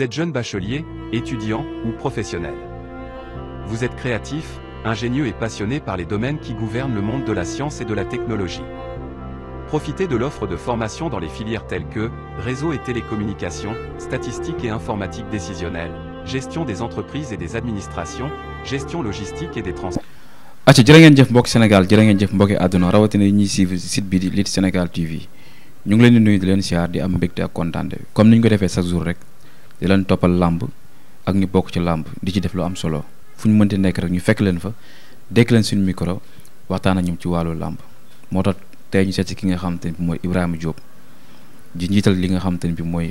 Vous êtes jeune bachelier, étudiant ou professionnel. Vous êtes créatif, ingénieux et passionné par les domaines qui gouvernent le monde de la science et de la technologie. Profitez de l'offre de formation dans les filières telles que réseau et télécommunications, statistiques et informatique décisionnelle, gestion des entreprises et des administrations, gestion logistique et des transports. site TV di leen toppal làmb ak ñu bokk ci làmb di ci def lu am solo fu ñu mënti nekk rek ñu fekk leen fa dekk leen suñu micro waxtaan ak ñoom ci wàllu làmb moo tax tey ñu seet ki nga xamante ne bi mooy Ibrahima Diop di njiital li nga xamante ne bi mooy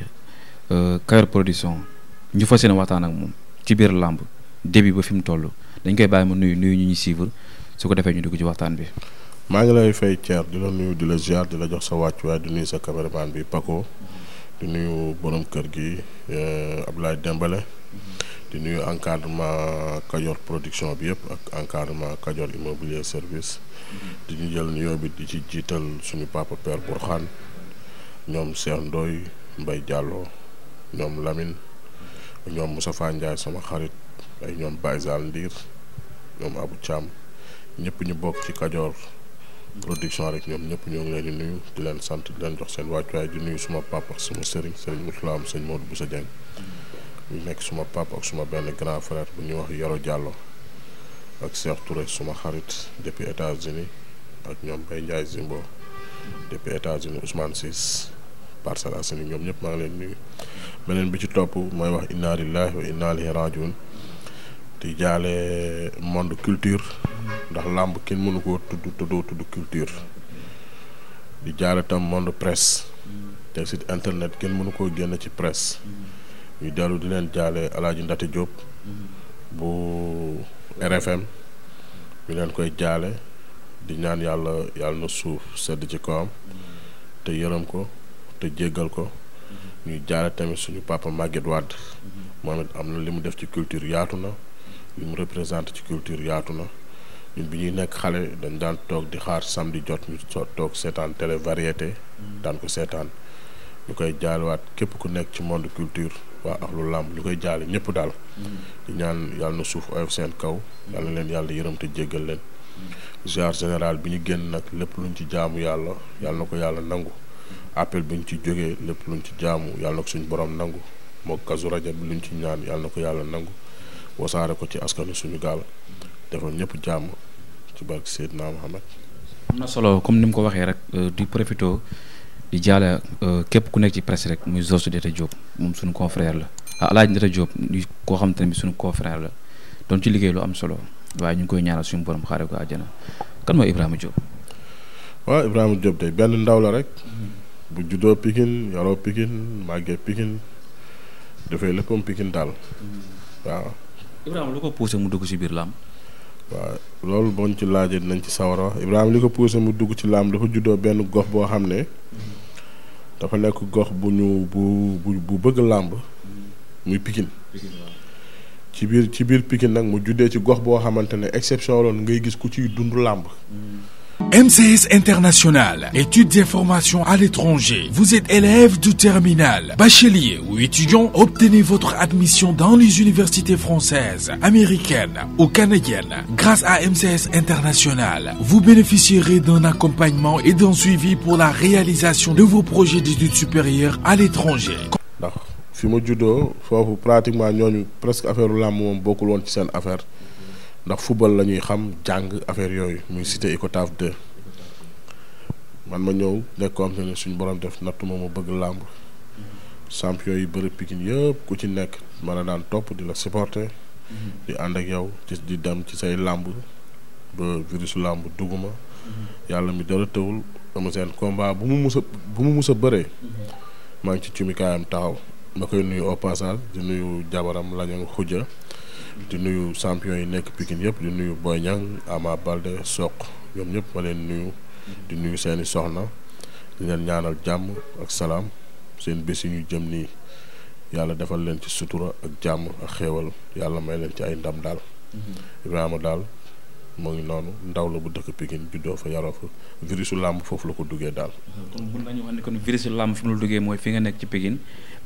euh, Kayor Production ñu fas yéene waxtaan moom ci biir làmb début ba fi mu toll dañ koy bàyyi ma nuyu nuyu ñu ñu suivre su ko defee ñu dugg ci waxtaan bi. maa ngi lay fay Thierre di la nuyu di la ziar di la jox sa wàccuwaay du nuyu sa caméraman bi Paco di nuyu borom kër gi eh, Abdoulaye Dembale di nuyu encadrement Kajoor production bi yëpp ak encadrement Kajoor immobilier service di ñu jël nuyoo bi di ci jiital suñu papa Père Bourkhane ñoom seex ndoy mbay jàlloo ñoom lamin ñoom Moustapha Ndiaye sama xarit ay ñoom Baye Ndiir ñoom Abou Thiam ñëpp ñu bokk ci Kajoor production rek ñoom ñëpp ñoo ngi leen di nuyu di leen sant di leen jox seen wàccuwaay di nuyu suma papa ak suma sëriñ sëriñ Mourtala am sëñ bu Boussa Dieng ñu nekk suma papa ak suma benn grand frère bu ñuy wax Yoro Diallo ak Cheikh Touré suma xarit depuis États-Unis ak ñoom Baye Ndiaye Zimbo depuis États-Unis Ousmane Ciss Parcelles Assainies ñoom ñëpp maa ngi leen nuyu beneen bi ci topp may wax inna lillahi wa inna ilayhi di jaale monde culture ndax làmb kenn mënu koo tudd te tudd culture di jaale tam monde presse te site internet kenn mënu koo génn ci presse ñu dellu di leen jaale alaaju Ndate Diop bu RFM ñu leen koy jaale di ñaan yàlla yàlla na suuf sedd ci kawam te yërëm ko te jéggal ko ñu jaale tamit suñu papa Maguette Wade moom it am na li mu def ci culture yaatu na li mu représenté ci culture yatuna na ñun bi ñuy nekk dañ daan tok di xaar samedi jot ñu toog seetaan télé variété daan ko sétane ñu koy jaal wat képp ku nek ci monde culture wa axlu làmb ñu koy jaal ñëpp dal di ñaan yalla na suuf oyof sen kaw yalla leen yalla yërëm te jéggal leen genre général biñu genn nak lepp luñ ci jaamu yalla yalla nako yalla nangu appel biñ ci joggé lepp luñ ci jaamu yalla na ko suñu borom nangu mo kazu rajab luñ ci ñaan yàlla na ko yàlla nangu wasaare ko ci askanu suñu gaal defal ñëpp jàmm ci barke Seydina Mohamed. am na solo comme ni mu ko waxee rek euh, di profito di jaale euh, képp ku nekk ci presse rek muy Zosu Dete Diop moom suñu confrère la ah El Hadj koo xam te ne bi suñu confrère la doon ci liggéey lu am solo waaye ñu ngi koy ñaanal suñu borom xaaree ko àjjana kan mooy Ibrahima Diop. waaw Ibrahima Diop de benn ndaw la rek. bu juddoo Pikine yaroo Pikine màggee Pikine dafay léppam Pikine daal waaw. Ibrahima lu ko poussé mu dugg ci biir làmb. waaw loolu boo ci laajee nañ ci sawar wax li ko poussé mu dugg ci làmb dafa juddoo benn gox boo xam ne dafa nekk gox bu ñu bu bu bëgg làmb muy Pikine. ci biir ci biir pikin nag mu juddee ci gox boo xamante ne exception loolu ngay gis ku ci dund làmb. Mm. MCS International, études et formations à l'étranger. Vous êtes élève du terminal, bachelier ou étudiant, obtenez votre admission dans les universités françaises, américaines ou canadiennes. Grâce à MCS International, vous bénéficierez d'un accompagnement et d'un suivi pour la réalisation de vos projets d'études supérieures à l'étranger. ndax football la ñuy xam jàng affaire yooyu muy cité Icotaf 2 man ma ñëw nekk ko am ne suñu borom def natt moom ma bëgg làmb champion yi bëri Pikine yëpp ku ci nekk ma la daan topp di la supporter di ànd ak yow di dem ci say làmb ba virus làmb duguma yàlla mi dara tëwul ama seen combat bu mu mus a mu mus a bëree maa ngi ci cumikaayam taxaw ma koy nuyu au di nuyu jabaram lañu xujja di nuyu champion yi nekk pikin yëpp di nuyu Boy Niang Ama Balde soq ñoom ñëpp ma leen nuyu di nuyu seeni soxna di leen ñaanal jàmm ak salaam seen bés yi ñu jëm nii yàlla defal leen ci sutura ak jàmm ak xéewal yàlla may leen ci ay ndam daal mhm. amu daal moo ngi noonu ndaw la bu dëkk Pikine juddoo fa yaroo fa virusu làmb foofu la ko duggee daal. kon mun nañu wax ne kon virusu làmb fi mu la duggee mooy fi nga nekk ci Pikine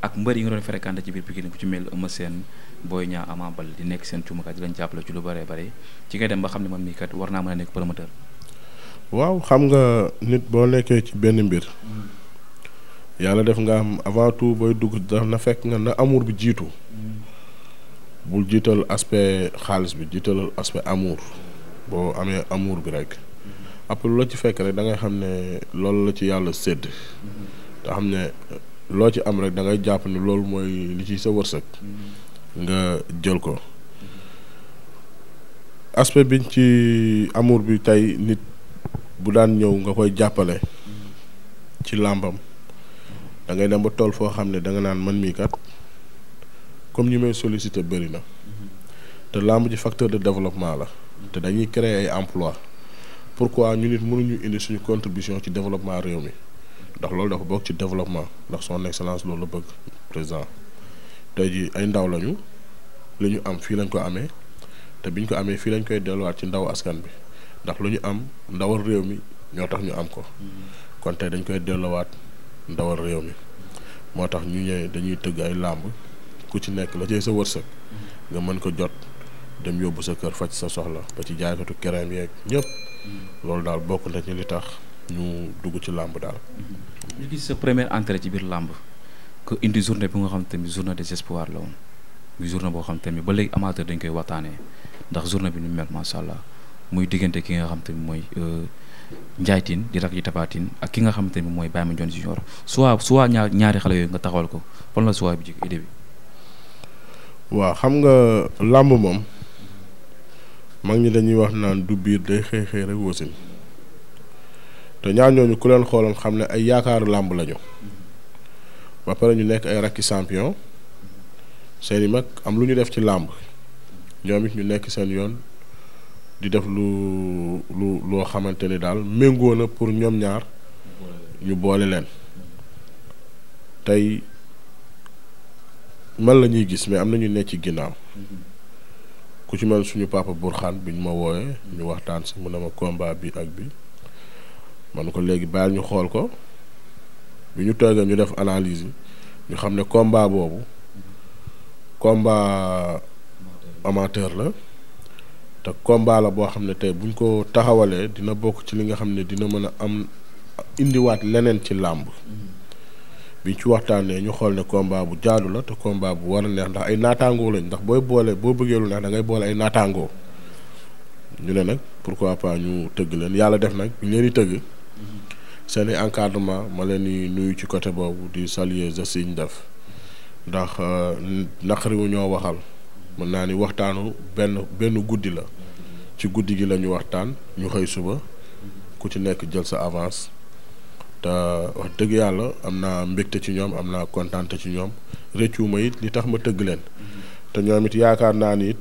ak mbër yi nga doon fréquenté ci biir Pikine ku ci mel Eumeu Sène Boy Niang Ama Baldé di nekk seen cuumakat di leen jàppale ci lu bëree bëri ci nga dem ba xam ne man mii kat war naa mën a nekk promoteur. waaw xam nga nit boo nekkee ci benn mbir. yàlla def nga am avant tout booy dugg da fekk nga na amour bi jiitu. Mm. bul jiital aspect xaalis bi jiitalal aspect amour. boo amee amour bi rek après loo ci fekk rek da ngay xam ne loolu la ci yàlla sédd te xam ne loo ci am rek da ngay jàpp ni loolu mooy li ci sa wërsëg nga jël ko aspect biñ ci amour bi tey nit bu daan ñëw nga koy jàppale ci làmbam dangay dem ba tool foo xam ne da nga naan man mii kat comme ñi may sollicité bëri na te làmb ji facteur de développement la te dañuy créer ay emploi pourquoi ñu nit mënuñu indi suñu contribution ci développement réew mi ndax loolu dafa bokk ci développement ndax son excellence loolu la bëgg président tey jii ay ndaw lañu li ñu am fii lañ ko amee te biñ ko amee fii lañ koy delluwaat ci ndaw askan bi ndax lu ñu am ndawal réew mi ñoo tax ñu am ko kon tey dañ koy delluwaat ndawal réew mi moo tax ñu ñëw dañuy tëgg ay làmb ku ci nekk la cay sa wërsëg nga mën ko jot dem yóbbu sa kër faj sa soxla ba ci ñëpp loolu daal bokk na ci li tax ñu dugg ci daal. ñu gis sa première entrée ci biir que indi journée bi nga xam tamit journée des espoirs la woon muy journée boo xam tamit ba léegi amateur dañ koy waxtaanee ndax journée bi ñu mel macha allah muy diggante ki nga xam tamit mooy euh, di rak ak ki nga xam tamit mooy Junior soit soit ñaar ñaari xale yooyu nga taxawal ko fan la soit bi jik idée bi. waaw xam nga moom. mag ñi dañuy wax naan du biir day xëy xëy rek wasin te ñaar ñooñu ku leen xooloon xam ne ay yaakaaru làmb lañu ba pare ñu nekk ay rakki champion seeni mag am lu ñu def ci làmb ñoom it ñu nekk seen yoon di def lu lu loo xamante ni daal méngoo na pour ñoom ñaar ñu boole leen tey man lañuy gis mais am na ñu ne ci ginnaaw. ku ci mel suñu papa xan bi ñu ma wooyee ñu waxtaan si mu ne ma combat bi ak bi man ko léegi baal ñu xool ko bi ñu toogee ñu def analyse yi ñu xam ne komba boobu komba amateur la te combat la boo xam ne tey buñ ko taxawalee dina bokk ci li nga xam ne dina mën a am indiwaat leneen ci làmb bi ci waxtaan waxtaanee ñu xool ne komba bu jaadu la te komba bu war a neex ndax ay naataangoo lañ ndax booy boole boo bëggee lu neex da boole ay naataangoo ñu ne nag pourquoi pas ñu tëgg leen yàlla def nag ñu leen di tëgg seen i encadrement ma leen di nuyu ci côté boobu di saluer geste yi ñu def ndax euh, naqari ñoo waxal mën naa ni waxtaanu benn benn guddi la ci guddi gi la ñu waxtaan ñu xëy suba ku ci nekk jël sa avance. te wax dëgg yàlla am naa mbégte ci ñoom am naa kontaante ci ñoom rëccuwuma it li tax ma tëgg leen te ñoom it yaakaar naa ni it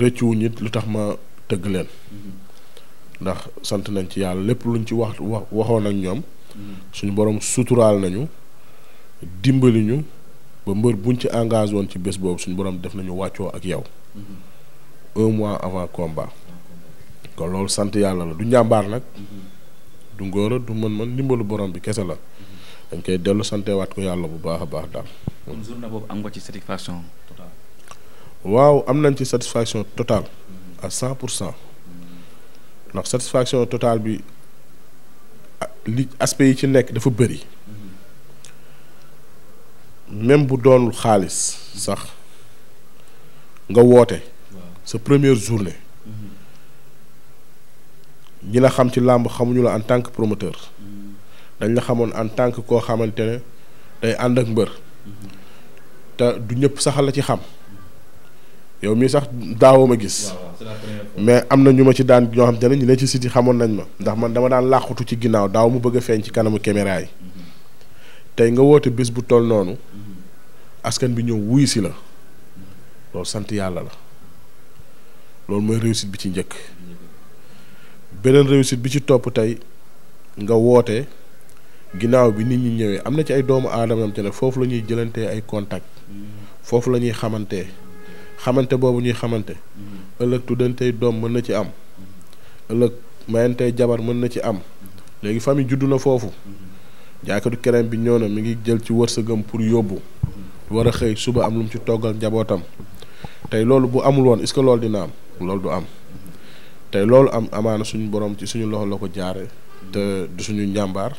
rëccuwuñ nit lu tax ma tëgg leen ndax sant nañ ci yàlla lépp luñ ci wax wax waxoon ak ñoom suñu borom suturaal nañu dimbali ñu ba mbër buñ ci engage woon ci bés boobu suñu borom def nañu wàccoo ak yow un mois avant combat kon loolu sant yàlla la du njàmbaar nag du ngóora du man man ndimbalu borom bi kese la dañ koy dellu santewaat ko yàlla bu baax a baax daal. kon journée boobu am nga ci satisfaction totale. waaw am nañ ci satisfaction totale à cent pour cent ndax satisfaction totale bi li aspect yi ci nekk dafa bëri même bu doonul xaalis sax nga woote. sa première journée. ñi la xam ci làmb xamuñu la en tant que promoteur dañ la xamoon en tant que koo xamante ne day ànd ak mbër te du ñëpp saxal la ci xam yow mii sax daawoo ma gis mais am na ñu ma ci daan ñoo xam te ne ñu ne ci siti xamoon nañ ma ndax man dama daan làqutu ci ginnaaw daaw mu bëgg feeñ ci kanamu caméra mm-hmm. tey nga woote bés bu toll noonu mm-hmm. askan bi ñëw wuyu si la loolu sant yàlla la loolu mooy réussite bi ci njëkk beneen réussite bi ci topp tey nga woote ginnaaw bi nit ñi ñëwee am na ci ay doomu aadamam am te ne foofu la ñuy jëlantee ay contact foofu la ñuy xamante xamante boobu ñuy xamante ëllëg tuddantey doom mën na ci am ëllëg mayantey jabar mën na ci am léegi famille juddu na foofu jaaykatu kerem bi ñëw na mi ngi jël ci wërsëgam pour yóbbu war a xëy suba am lu mu ci toggal njabootam tey loolu bu amul woon est-ce que loolu dina am loolu du am tey loolu am amaana suñu borom ci suñu loxo la ko jaare te du suñu njàmbaar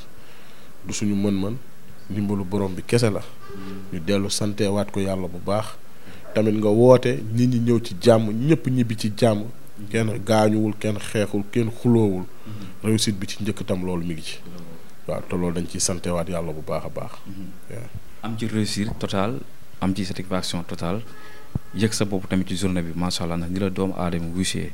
du suñu mën-mën ndimbalu borom bi kese la mm. ñu dellu santewaat ko yàlla bu baax tamit nga woote nit ñi ñëw ci jàmm ñëpp ñibbi ci jàmm kenn gaañuwul kenn xeexul kenn xuloowul mm-hmm. réussite bi ci njëkk tam loolu mi ngi ci waaw te dañ ciy santewaat yàlla bu baax a baax mm-hmm. am ci réussir total am ci satisfaction total yëg sa bopp tamit ci journée bi macha allah ndax ni la doomu aadama wuusee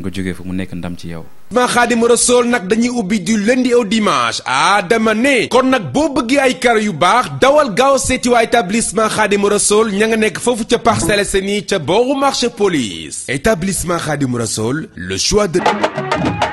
nga jógee fa mu nekk ndam ci yow. ma xaadimu rasool nag dañuy ubbi du lundi au dimanche ah dama ne kon nag boo bëggee ay kar yu baax dawal gaaw seeti waa établissement xaadimu rasool ña nga nekk foofu ca Parcelles Assainies ca booru marché police établissement xaadimu rasool le choix de.